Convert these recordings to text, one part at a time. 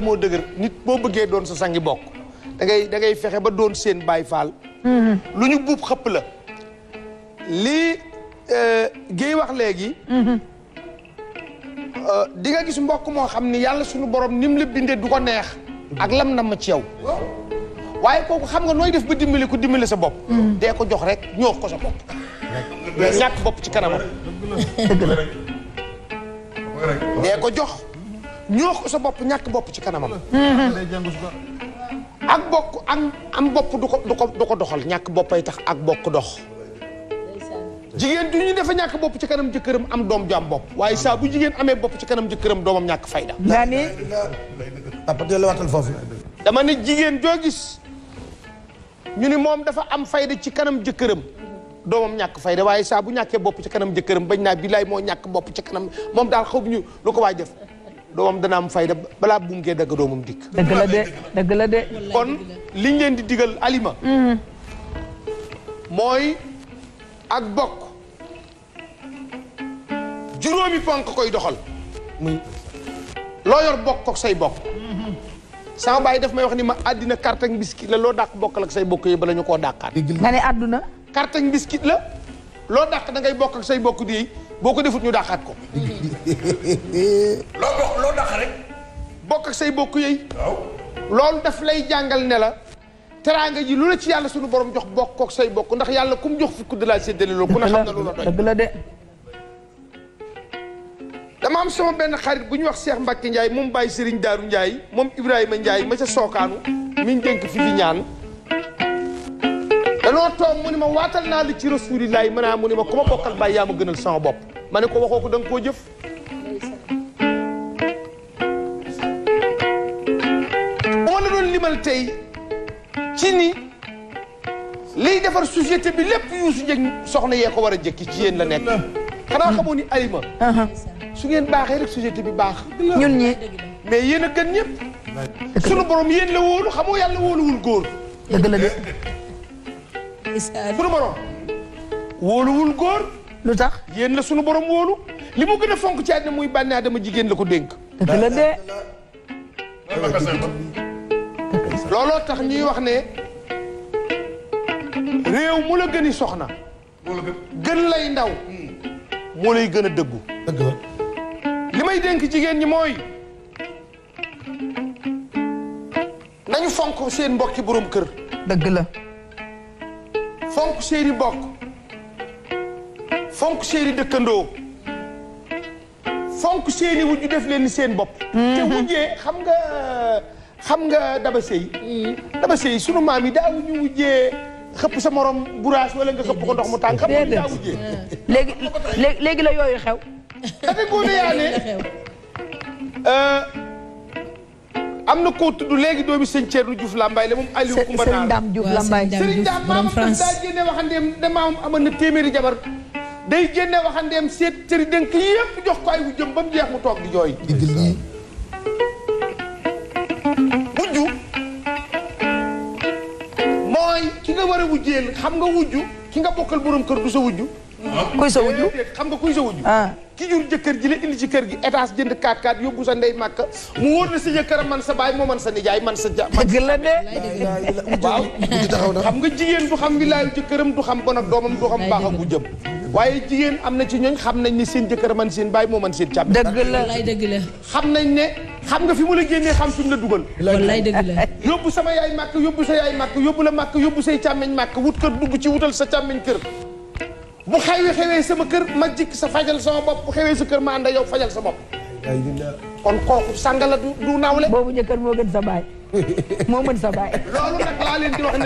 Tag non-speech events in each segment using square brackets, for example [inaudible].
moo dëgër nit boo bëggee doon sa sangi bokk dangay dangay fexe ba doon seen baay faal mm-hmm. lu ñu buub xëpp la lii euh, géey wax léegi mm-hmm. euh, di nga gis mbokk moo xam ni yàlla suñu borom nim la bindee du ko neex ak lam nam ci yow waaye kooku xam nga nooy def ba dimbali ku dimbali sa bopp mm-hmm. dee ko jox rek ñoo ko sa bopp ci kanamam dee ko jox ñoo ko sa bopp ñàkk bopp ci kanamam. ak bokk ak am bopp du ko du ko du ko doxal ñàkk boppay tax ak bokk dox. jigéen du ñu dafa ñàkk bopp ci kanam jëkkëram am doom ju waaye saa jigéen amee bopp ci kanam jëkkëram doomam ñàkk fayda. yaa ni. papa de la waxtal foofu. dama ne jigéen joo gis ñu ni moom dafa am fayda ci kanam jëkkëram doomam ñàkk fayda waaye saa bu ñàkkee bopp ci kanam jëkkëram bañ naa billaay moo ñàkk bopp ci kanam moom daal xaw ñu lu ko waay def. doomam dana am fayda balaa bu mu koy dagg doomam dikk. dëgg la de de. kon liñ leen di diggal aliment mm-hmm. mooy ak bokk juróomi ponk koy doxal. muy loo yor bokk ko say bokk. Mm-hmm. sama baay daf may wax ni ma àddina carte ak biscuit la loo dàq bokkal ak say bokk yi bala ñu koo dàqaat. nga àdduna. carte ak la loo dàq da ngay bokk say bokk di boo ko defut ñu dàqaat ko. [laughs] bokk ak say bokk yooyu loolu daf lay jàngal ne la teraanga ji lu la ci yàlla sunu borom jox bokk ak say bokk ndax yàlla ku mu jox fukk de la séddale loolu ku ne xam na lu la doy dama am sama benn xarit bu ñu wax Cheikh Mbacke njaay moom Baye Serigne daaru njaay moom Ibrahima Ndiaye ma ca Sookaanu mi ngi dénk fi ñaan danoo toog mu ne ma waatal naa li ci rasulillahi mën naa ah, mu ni ma ku ma bokkal Baye yaa ma gënal sama bopp ma ne ko waxoo ko da koo jëf jëmal tey ci ni liy defar société bi lépp Youssou Dieng soxna yee ko war a jëkki ci yéen la nekk xanaa xamoo ni Alima uh-huh. su ngeen baaxee rek société bi baax ñun ñi mais yéen a gën ñëpp sunu borom yéen la wóolu xamoo yàlla wóoluwul góor dëgg la de sunu borom lu tax yéen la sunu borom wóolu li mu gën a fonk ci àddina muy bànne Adama jigéen la ko dénk looloo tax ñuy wax ne réew mu la gën i soxna. gën lay ndaw. moo lay gën a dëggu. dëgg li may dénk jigéen ñi mooy nañu fonk seen mbokki borom kër. dëgg la. fonk seeni bokk fonk seeni dëkkandoo fonk seeni wujju def leen seen bopp. Mm-hmm. te wujjee xam nga. xam nga daba sëy mm. daba sëy sunu maam yi daawu ñu wujjee xëpp sa moroom buraas wala nga xëpp ko ndox mu tàng xam nga daa wujjee mm. léegi la yooyu xew dafa góone yaa ne am na koo tudd léegi doomi sëñ Thierno Diouf Lambaye la moom Aliou Koumba Naar Sëriñ Dame Diouf Lambaye Sëriñ Dame na téeméeri jabar day génne waxandeem seet cëri dénk yëpp jox ko ay wujjëm ba mu jeex mu toog di jooy wujjeel xam nga wujju ki nga bokkal borom kër du sa wujju kuy sa wujju xam nga kuy sa wujju ah. ki jur jëkkër ji la indi ci kër gi étage jënd kaat kaat yóbbu sa ndey màkk mu wóor na sa jëkkër man sa baay moo man sa nijaay man sa ja dëgg la de na xam nga jigéen du xam wilaayu jëkkëram du xam bon ak doomam du xam baax ak gu waaye jigéen am na ci ñooñ xam nañ ne seen jëkkër man seen baay moo man seen càmm dëgg la dëgg la xam nañ ne xam nga fi mu la génnee xam suñ la dugal. wallaay dëgg la yóbbu sama yaay màkk yóbbu sa yaay màkk yóbbu la màkk yóbbu say càmmeñ màkk wut kër dugg ci wutal sa càmmeñ kër. bu xewee xewee sama kër ma jikk sa fajal sama bopp bu xewee sa kër ma ànd yow fajal sa bopp. kon kooku sangala du du nawle. boobu kër moo gën sa baay moo mën sa baay. loolu nag laa leen di wax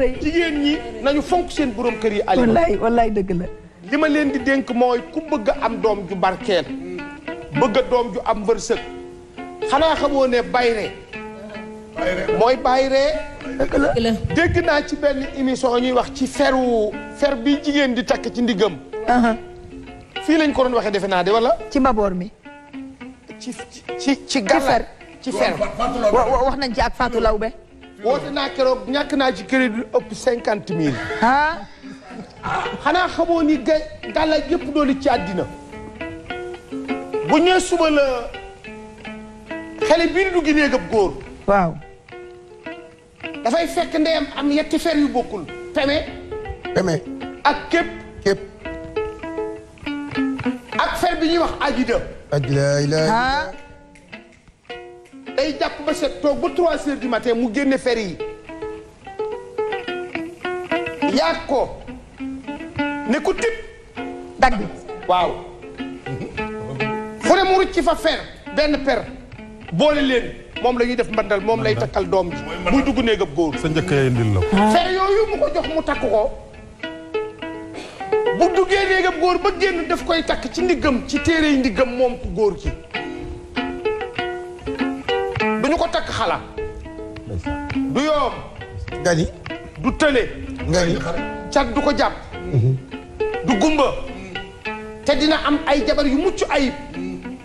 rëy jigéen ñi nañu fonk seen borom kër yi. Alioune wallaay wallaay dëgg la. li ma leen di dénk mooy ku bëgg am doom ju barkeel bëgg a doom ju am wërsëg xanaa xamoo ne bayre mooy bayre dégg naa ci benn émission ñuy wax ci feru fer bi jigéen di takk ci ndiggam fii lañ ko doon waxee defe naa de wala ci mbaboor mi ci ci ci fer wax nañ ci ak Fatou Lawbe woote naa keroog ñàkk naa ci crédit lu ëpp cinquante mille xanaa xamoo ni ga gàllar yëpp doolu ci àddina bu ñëwee suba la xale bii di dugg néegam góor. waaw. dafay fekk ndeyam am yetti fer yu bokkul. peme. ak képp. képp. ak fer bi ñuy wax ajida. ajida ah. day jàpp ba set toog ba trois heures du matin mu génne fer yi. yaag ko. ne ku tip. dagg. waaw. fu mu rucc fa fer benn per. boole leen moom la ñuy def mbandal moom lay takkal doom ji muy dugg néegam góor sa njëkk ya indil la fer yooyu mu ko jox mu takk ko bu duggee néegam góor ba génn daf koy takk ci ndiggam ci téere yi ndiggam moom ku góor ki duñu ko takk xala du yoom nga ni du tële nga ni cat du ko jàpp mhm. du gumba te dina am ay jabar yu mucc ayib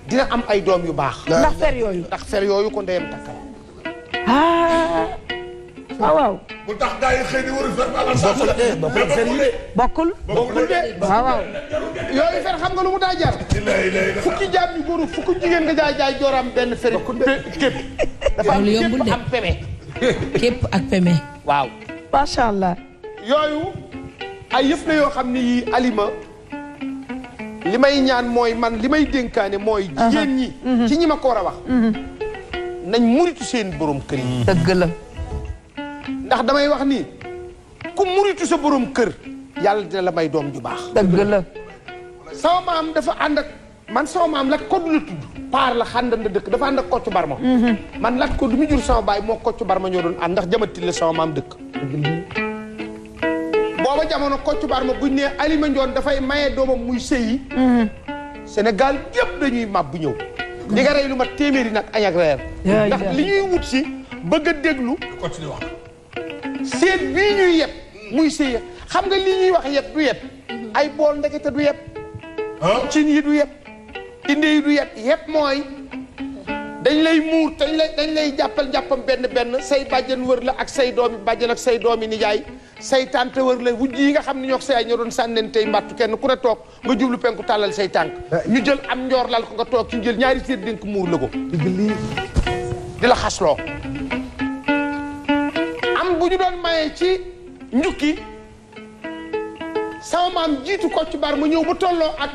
dina am ay doom yu baax. ndax fer yooyu. ndax fer yooyu ko ndeyam takkal. Ah. Ah, waaw waaw. bu tax gaa yi xëy na war a de bokkul fer de. bokkul bokkul de ah, yooyu fer xam nga lu mu daa jar. fukki jaam yu góor fukki jigéen nga jaay jooram benn fer. bokkul de képp. dafa am képp am ak peme. waaw. macha allah. yooyu ay yëf yoo xam ni alima. li may ñaan mooy man li may dénkaane mooy jigéen ñi mhm. ci ñi ma ko war a wax mhm. nañ muritu seen boroom kër yi dëgg la ndax damay wax ni ku muritu sa borom kër yàlla dina la may doom ju baax dëgg la sama maam dafa ànd ak man sama maam Lat Koddu la tudd paar la xàndanda dëkk dafa ànd ak Kocc Barma mhm. man Lat Koddu mi jur sama baay moo Kocc Barma ñoo doon ànd ndax jamatil la sama maam dëkk jamono Kocc Barma buñ ne Alima Ndione dafay maye doomam muy sëyi mm-hmm. Sénégal yëpp dañuy màbb ñëw di nga rey lu ma téeméeri nag añ ak ndax li ñuy wut si bëgg a déglu continuer wax seet bii ñuy yeb muy sëy xam nga li ñuy wax yeb du yeb mm-hmm. ay bool ndekete du yeb cin yi du yeb inde yi du yeb yeb mooy dañ lay muur dañ lay dañ lay jàppal jàppam benn benn say bàjjen wër la ak say doomi bàjjen ak say doom yi nijaay say tànk wër la wujj yi nga xam ne ñoo say ñoroon ñoo doon sànneen tey mbàttu kenn ku ne toog nga jublu penku tàllal say tànk eh. ñu jël am njoor lal ko nga toog ci ñu jël ñaari séer dénk muur la ko di la xasloo am bu ñu doon maye ci njukki sama maam jiitu ko ci bar mu ñëw ba tolloo ak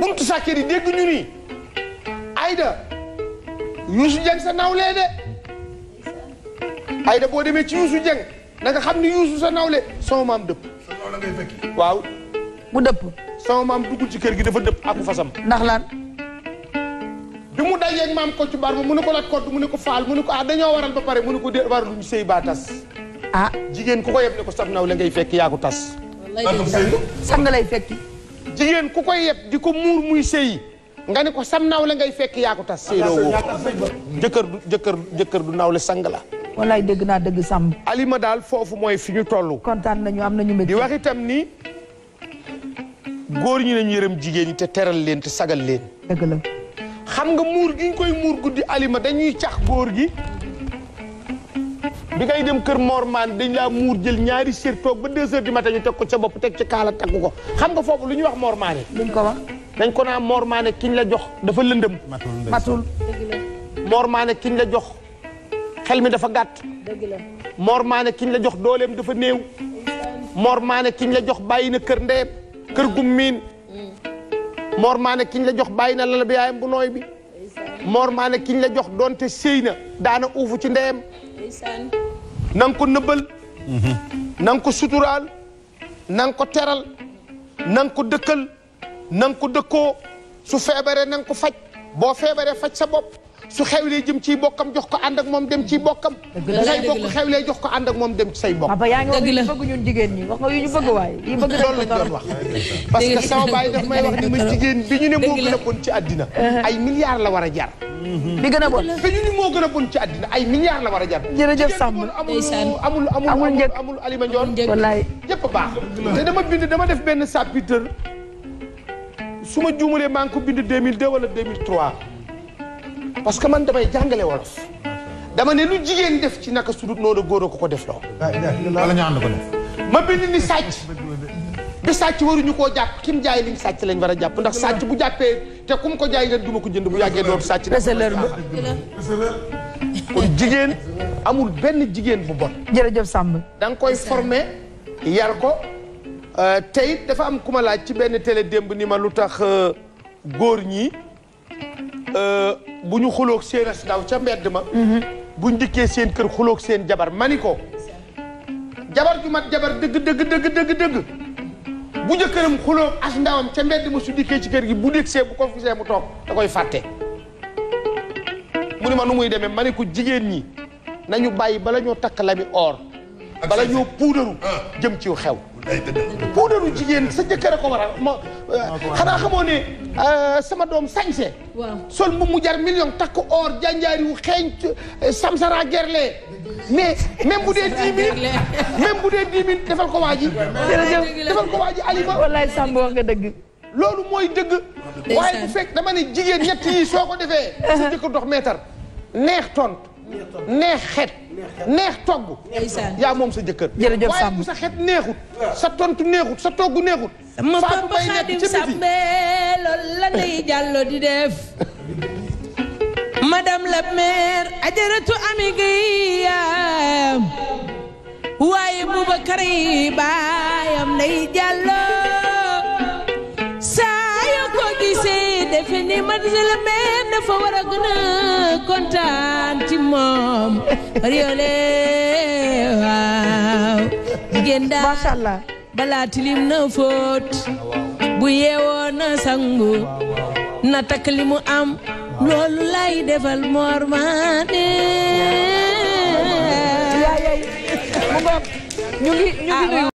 buntu sàkkeer yi dégg ñu ni ayda yuusu jeng sa nawlee de ay Aïda boo demee ci Youssou Dieng da xam ni Youssou sa nawle sama maam dëpp. sa nawle ngay fekki. waaw. mu dëpp. sama maam dugg ci kër gi dafa dëpp ak fasam. ndax lan. bi mu dajeeg maam ko ci bar mu ne ko lat kott mu ne ko faal mu ne ko ah dañoo waral ba pare mu ne ko dee war luñ sëy baa tas. ah jigéen ku ko yeb ne ko sab nawle ngay fekki yaa tas. sam nga lay fekki. ku koy yeb di ko muur muy sëyi nga ne ko sam nawle ngay fekk yaa ko tas. sëy doo woo jëkkër du jëkkër jëkkër du nawle sang la. wallaay dégg naa dëgg sàmm. alima daal foofu mooy fi ñu toll. kontaan nañu am nañu métti. di wax itam góor ñi nañu yërëm jigéen ñi te teral leen te sagal leen. dëgg la. xam nga muur gi ñu koy muur guddi alima dañuy cax góor gi bi kay dem kër moor maan dañ laa muur jël ñaari sér toog ba deux heures du matin teg ko ca bopp teg ci kaala takku ko xam nga foofu lu ñuy wax Morman yi. luñ ko wax. dañ ko naan Morman kiñ la jox dafa lëndëm. matul moor Morman kiñ la jox. xel mi dafa gàtt. dëgg la Mor kiñ la jox dooleem dafa néew. Mor Maane kiñ la jox bàyyi na kër ndeyam kër gum miin. Mm. Mor Maane kiñ la jox bàyyi na lal bi yaayam bu nooy bi. Mor Maane kiñ la jox doonte sëy na daana uufu ci ndeyam. na ko nëbbal. Mm-hmm. na ko suturaal. na ko teral. na ko dëkkal. na ko dëkkoo. su feebaree na ko faj. boo feebaree faj sa bopp. su xewlee jëm ciy bokkam jox ko ànd ak moom dem ciy bokkam. say bokk xewlee jox ko ànd ak moom dem ci say bokk. papa yaa ngi wax yu ñu bëgg ñun jigéen ñi wax nga yu ñu bëgg waaye yi bëgg loolu lañ doon wax parce que sama baay daf may wax ni ma jigéen bi ñu ne moo gën a bon ci àddina uh-huh. ay milliards la war a jar mm-hmm. bi gën a bon bi ñu ne moo gën a bon ci àddina ay milliards la war a jar jërëjëf Samb amul amul amul njëkk amul alima njoon wallaay yëpp baax te dama bind dama def benn chapitre su ma juumalee maa ngi ko bind 2002 wala 2003 parce que man damay jàngale wolof dama ne lu jigéen def ci naka sudut noonu góor a ko def loo wala ñu ànd ko def ma bind ni sàcc bi sàcc waruñu koo jàpp kim jaay liñ sàcc lañ war a jàpp ndax sàcc bu jàppee te kum ko jaay ngeen duma ko jënd bu yàggee doon sàcc reseleur la kon jigéen amul benn jigéen bu bon jërëjëf Samb da koy formé yar ko euh, tey dafa am ku ma laaj ci benn télé démb ni ma lu tax euh, góor ñi euh, bu ñu xuloog seen as ca mbedd ma mhm. buñ dikkee seen kër xuloog seen jabar mani ko jabar ju mat jabar dëgg dëgg dëgg dëgg bu jëkkëram xuloog as ca mbedd ma su dikkee ci kër gi bu see bu ko fisee mu toog da koy fàtte mu ni ma nu muy demee ma ni ko jigéen ñi nañu bàyyi bala ñoo takk lami or bala ñoo puudaru ah. jëm ci xew puudaru jigéen sa jëkkër a ko waral ma eh, xanaa xamoo ne eh, sama doom sañse sol mu mu jar million takk or janjaari wu xeeñ eh, samsara gerle mais même bu dee dix mille [laughs] même dee dix defal ko waa ji defal ko waa ji alima wallaay Samb wax nga dëgg loolu mooy dëgg waaye bu fekk dama ne jigéen ñett yi soo ko defee [laughs] sa jëkkër dox meetar neex tont neex xet neex togg yaa moom sa jëkkër waaye bu sa xet neexut sa tontu neexut sa togg neexut Fatou Mbaye nekk ci biti loolu la Ndeye Diallo di def madame la maire ajaratu ni monsieur le maire dafa war a gën a kontaan ci moom riole waaw jigéen daal balaa tilim na fóot bu yeewoo na sangu na takk li mu am lay defal moor